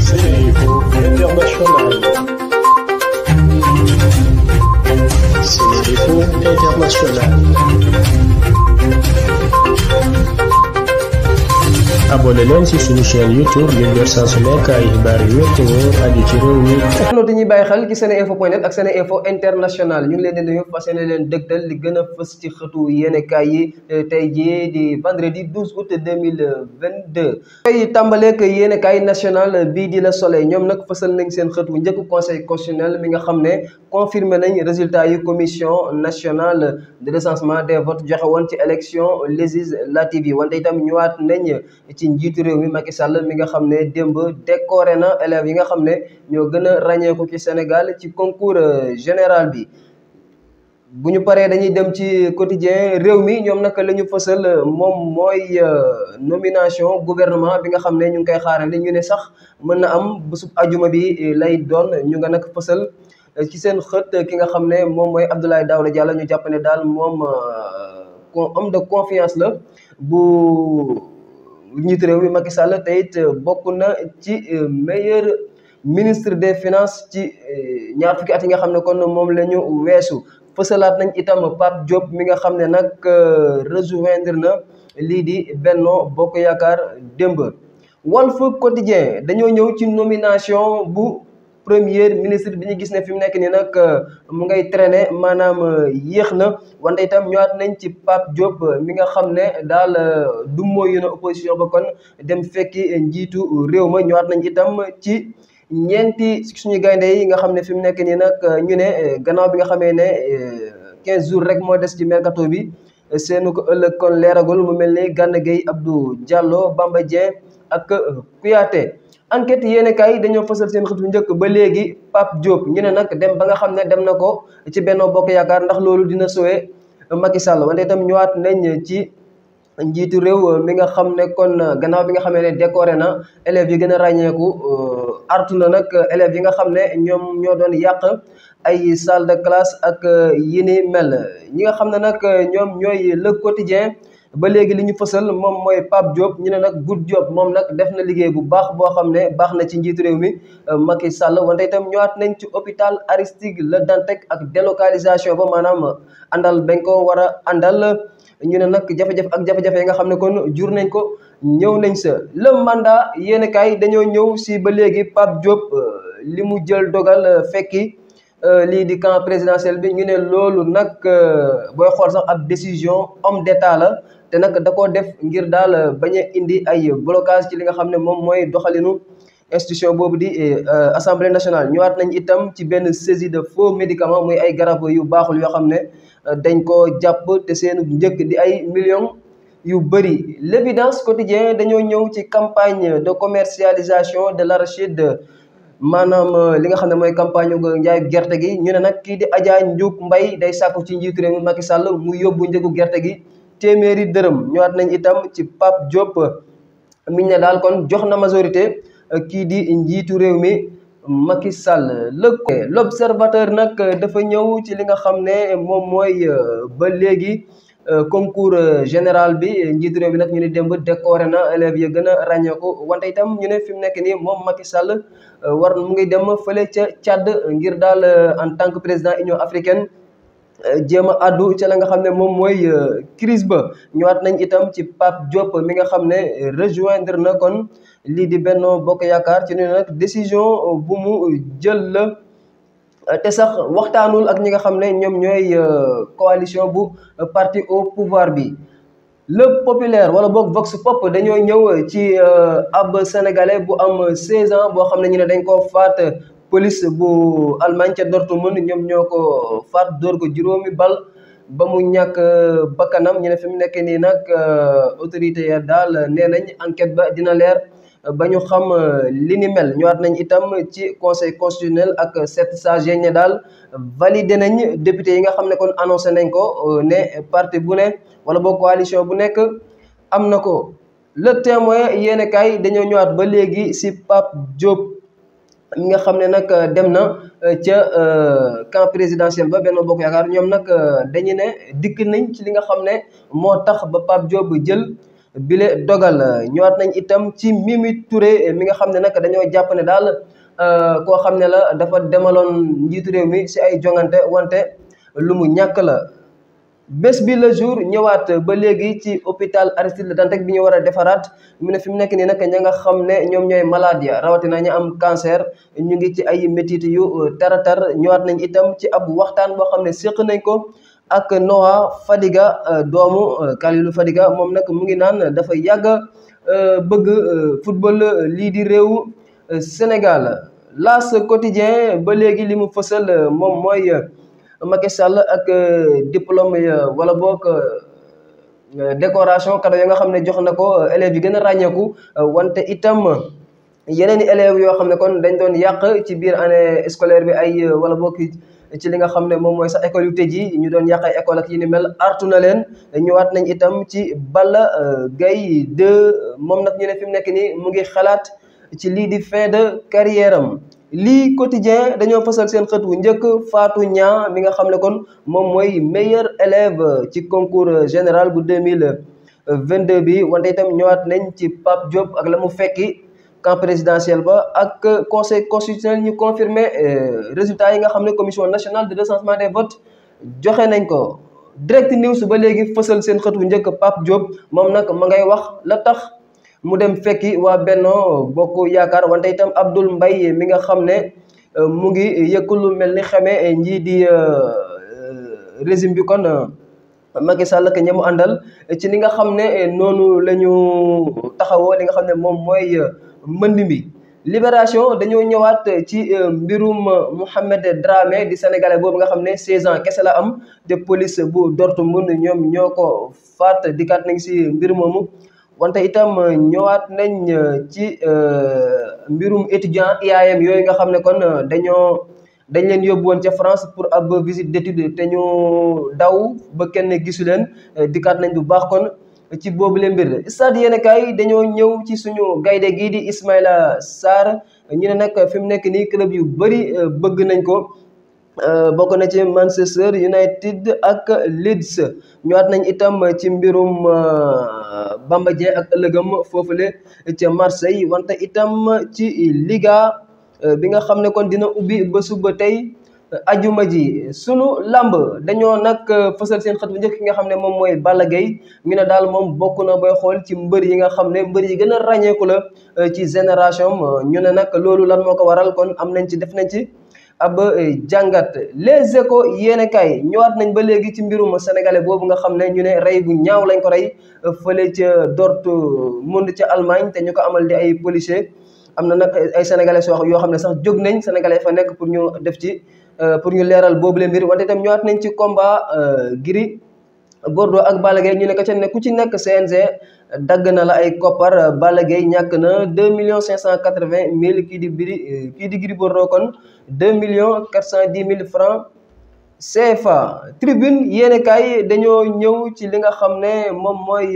Cérébraux International. Cérébraux International. abonné leen ci suñu chaîne youtube ngir ci réew mi. noonu dañuy bàyyi xel ci seneinfo point net ak seneinfo international ñu ngi leen di nuyu fas yéene leen dëgtal li gën a fës ci xëtu yéenekaay yi eh, tey jii di vendredi 12 août 2022. tey tàmbaleeg yéenekaay national bii di la soleil ñoom nag fësal nañ seen xëtu njëkk conseil constitutionnel mi nga xam ne confirmé nañ résultat yi commission nationale de recensement des votes joxe woon ci élection législative yi wante itam ñëwaat nañ. ci njiitu réew mi Macky sàll mi nga xam ne démb décoré na élèves yi nga xam ne ñoo gën a ràññeeku ki Sénégal ci concours euh, général bi. bu ñu paree dañuy dem ci quotidien réew mi ñoom naka la ñu fësal euh, moom mooy euh, nomination gouvernement bi nga xam ne ñu ngi koy xaarandi ñu ne sax mën na am bésub ajuma bi lay doon ñu nga nakk fësal ci seen xët ki nga xam ne moom mooy Abdoulaye Daouda jàll ñu jàpp ne daal moom homme de confiance la bu. njiit réew mi Macky Sall te it euh, bokk na ci euh, meilleur ministre des finances ci euh, ñaar fukki at yi nga xam ne kon moom lañu ñu weesu fësalaat nañ itam Pape Diop mi nga xam ne nag rejoindre na lii di Benno Bokk Yaakaar démb Walf Quotidien dañoo ñëw ci nomination bu premier ministre bi ñu gis ne fi nekk nii nag euh, mu ngay traîner maanaam euh, yéex na wante itam ñëwaat nañ ci Pape Diop euh, mi nga xam ne daal du mooyu na opposition ba kon dem fekki njiitu réew ma ñëwaat nañ itam ci ñeenti suñu gaynde yi nga xam ne fi mu nekk nii nag ñu ne gannaaw bi nga xamee ne 15 jours rek moo des ci mercato bi seenu ko ëllëg kon leeragul mu mel ni Gana Gueye Abdou Diallo Bamba Dieng ak Kouyaté enquête yéen kay dañoo fësal seen xët bu njëkk ba léegi Pape Diop ñu ne nag dem ba nga xam ne dem na ko ci Benno Bokk Yaakaar ndax loolu dina sowee Macky Sall wante itam ñëwaat nañ ci njiitu réew mi nga xam ne kon gannaaw bi nga xamee ne décoré na élèves yi gën a ràññeeku euh, artu na nag élèves yi nga xam ne ñoom ñoo doon yàq ay salle de classe ak euh, yi ni mel ñi nga xam ne nag ñoom ñooy le quotidien ba léegi li ñu fësal moom mooy Pape Diop ñu ne nag Good Diop moom nag def na liggéey bu baax boo xam ne baax na ci njiitu réew mi euh, Macky Sall wante itam ñëwaat nañ ci hôpital Aristide Le Dantec ak delocalisation ba maanaam àndal bañ ko war a àndal ñu ne nag jafe-jafe ak jafe yi nga xam ne kon jur nañ ko ñëw nañ sa le mandat yéen kaay dañoo ñëw si ba léegi Pape Diop euh, li mu jël dogal euh, fekki Euh, lii di camp présidentiel bi ñu ne loolu nag euh, booy xool sax ak décision homme d'état la te nag da koo def ngir daal euh, bañ indi ay blocage ci li nga xam ne moom mooy doxalinu institution boobu di assemblée nationale ñëwaat nañ itam ci benn saisie de faux médicament muy ay garab yu baaxul yoo xam ne dañ koo jàpp te seen njëkk di ay millions yu bëri l'évidence quotidien dañoo ñëw ci campagne de commercialisation de la l'arachide maanaam euh, li nga xam ne mooy campagne gu njaay gerte gi ñu ne nag kii di Adja Ndiouk mbay day sàkku ci njiitu réew mi Macky Sall mu yóbbu njëgu gerte gi téeméeri dërëm ñëwaat nañ itam ci Pape Diop euh, miñ ne daal kon jox na majorité euh, kii di njiitu réew mi Macky Sall lëkk l'observateur nag dafa ñëw ci li nga xam ne moom mooy ba léegi Euh, concours euh, général bi njiit réew bi nag ñu ni démb décoré na élèves yi gën a ràññeeku wante itam ñu ne fi mu nekk nii moom Macky Sall euh, war mu ngi dem fële ca Tchad ngir daal en tant que président Union africaine. jéem a addu ca la nga xam ne moom mooy crise ba ñëwaat nañ itam ci Pape Diop mi nga xam ne rejoindre na kon lii di Benno Bokk Yaakaar ci ne nag décision bu jël la te sax waxtaanul ak ñi nga xam ne ñoom ñooy euh, coalition bu parti au pouvoir bi le populaire wala boog vox pop dañoo ñëw ci euh, ab sénégalais bu am 16 ans boo xam ne ñu ne dañ koo faat police bu Allemagne ca Dortmund ñoom ñoo ko faat dóor ko juróomi bal ba mu ñàkk euh, bakkanam ñu ne fi mu nekk nii nag autorité ya daal nee nañ enquête ba dina leer ba ñu xam euh, li ni mel ñëwaat nañ itam ci conseil constitutionnel ak sept sages yi ne daal validé nañ député yi nga xam ne kon annoncé nañ ko euh, ne parti bu ne wala boo coalition bu nekk am na ko le témoin yéen dañoo ñëwaat ba léegi si Pape Diop. mi nga xam ne nag euh, dem na ca camp présidentiel ba Benno Bokk Yaakaar ñoom nag dañu ne dikk nañ ci li nga xam ne moo tax ba Pape Diop jël bile dogal ñëwaat nañ itam ci Mimi Touré mi nga xam ne nag dañoo jàpp ne daal euh, koo xam ne la dafa demaloon njiitu réew mi si ay jongante wante lu mu ñàkk la bés bi le jour ñëwaat ba léegi ci hôpital Aristide Le Dantec bi ñu war a defaraat mu ne fi mu nekk nii nag ña nga xam ne ñoom ñooy maladie rawatina ñu am cancer ñu ngi ci ay métit yu euh, taratar ñëwaat nañ itam ci ab waxtaan boo xam ne séq nañ ko ak Noah Fadiga euh, doomu euh, Kalilou Fadiga moom nag mu ngi naan dafa yàgg euh, bëgg football lii di réew Sénégal L'As Quotidien ba léegi li mu fësal moom mooy Macky ak diplôme ya wala boog décoration cadeau ya nga xam ne jox na ko élèves yi gën a ràññeeku wante itam yeneen i élèves yoo xam ne kon dañ doon yàq ci biir année scolaire bi ay wala boog. ci li nga xam ne moom mooy sax école yu tëj yi ñu doon yàq ay école ak yi ni mel artu na leen ñëwaat nañ itam ci Balla euh, Gaye 2 moom nag ñu ne fi mu nekk nii mu ngi xalaat ci lii di fin de carrière am lii quotidien dañoo fasal seen xët wu njëkk faatu ñaam mi nga xam ne kon moom mooy meilleur élève ci concours général bu 2022 bi wante itam ñëwaat nañ ci Pape Diop ak la mu fekki camp présidentiel ba ak conseil constitutionnel ñu confirmé euh, résultat yi nga xam ne commission nationale de recensement des votes joxe nañ ko direct news ba léegi fësal seen xët wu njëkk Pape Diop moom nag ma ngay wax la tax mu dem fekki waa Benno Bokk Yaakaar wante itam Abdoul mbay mi nga xam ne euh, mu ngi yëkkul lu mel ni xame ñii di euh, régime bi kon Macky Sall ak ñamu àndal ci li nga xam ne noonu la ñu li nga xam ne moom mooy mbënd mi libération dañoo ñëwaat ci euh, mbirum euh, Mouhamed Dramé di sénégalais boobu nga xam ne 16 ans kese la am te police bu Dortmund ñoom ñoo ko faat dikkaat nañ si mbir moomu wante itam euh, ñëwaat nañ ci mbirum étudiant IAM yooyu nga xam ne kon dañoo dañ leen yóbbu woon ca France pour ab visite d'étude te ñu daw ba kenn gisu leen dikkaat nañ bu baax kon ci boobu le mbir stade yéen kaay dañoo ñëw ci suñu gaynde gii di Ismaïla Sarr ñu ne nag fi mu nekk nii club yu bëri euh, bëgg nañ ko euh, bokk na ci Manchester United ak Leeds ñëwaat nañ itam ci mbirum euh, Bamba Dieng ak ëllëgam foofule ca Marseille wante itam ci Liga bi nga xam ne kon dina ubbi ba suba tey ajuma ji sunu làmb dañoo nag euh, fësal seen xët bu njëkk ki nga xam ne moom mooy Balla Gaye ñu ne daal moom bokk na booy xool ci mbër yi nga xam ne mbër yi gën a ràññeeku la euh, ci génération euh, ñu ne nag loolu lan moo ko waral kon am nañ ci def nañ ci ab jàngat les échos yéene kaay ñëwaat nañ ba léegi ci mbirum sénégalais boobu nga xam ne ñu ne rey bu ñaaw lañ ko rey fële ca Dortmund ca Allemagne te ñu ko amal di ay policier am na nag ay sénégalais yoo xam ne sax jóg nañ sénégalais fa nekk pour ñu def ci Euh, pour ñu leeral boobu boobule mbir wante ñu ñëwaat nañ ci combat euh, Gris Bordeaux ak Balla Gaye ñu nekk ka ca ci nekk CNG dagg na la ay koppar Balla Gaye ñàkk na deux millions cinq cent quatre-vingt mille kii di biri euh, kii di Gris Bordeaux kon deux millions quatre cent dix mille francs CFA tribune yéene kaay dañoo ñëw ci li nga xam ne moom mooy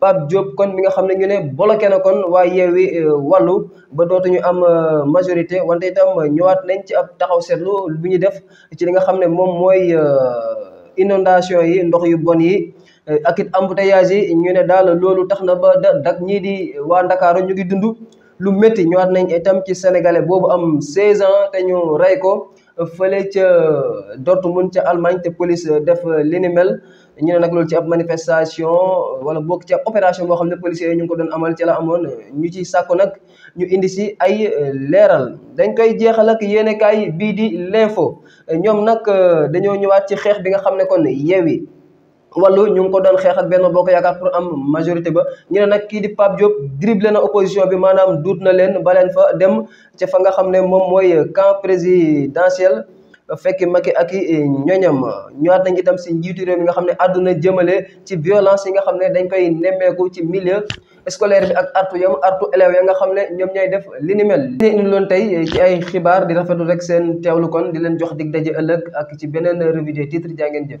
Pape Diop kon mi nga xam ne ñu ne bloqué na kon waa yeewi euh, wàllu ba dootuñu am euh, majorité wante itam ñëwaat nañ ci ab taxaw seetlu bu ñu def ci li nga xam ne moom mooy euh, inondation yi ndox yu bon yi ak it embouteillage yi ñu ne daal loolu tax na ba dak ñii di waa Ndakaaru ñu ngi dundu lu métti ñëwaat nañ itam ci sénégalais boobu am 16 ans te ñu rey ko fële ca Dortmund ca Allemagne te police def li ñu ne nag loolu ci ab manifestation wala boog ci ab opération boo xam ne policiers yi ñu ngi ko doon amal ci la amoon ñu ci sàkku nag ñu indi si ay leeral dañ koy jeexal ak yéenekaay bii di l'info ñoom nag euh, dañoo ñëwaat ci xeex bi nga xam ne kon Yewwi wàllu ñu ngi ko doon xeex ak benn bokk yaakaar pour am majorité ba ñu ne nag kii di Pape Diop dribblé na opposition bi maanaam duut na leen baleen fa dem ca fa nga xam ne moom mooy camp présidentiel fekk Macky ak i eh, ñoñam ñëwaat nañ itam si njiitu réew mi nga xam ne àdduna jëmale ci violence yi nga xam ne dañ koy nemmeeku ci milieu scolaire bi ak artu yam artu élèves ya nga xam ne ñoom ñooy def li ni mel li ñu loon tey eh, ci ay xibaar di rafetu rek seen lu kon di leen jox dig daje ëllëg ak ci beneen revue des jaa ngeen jëf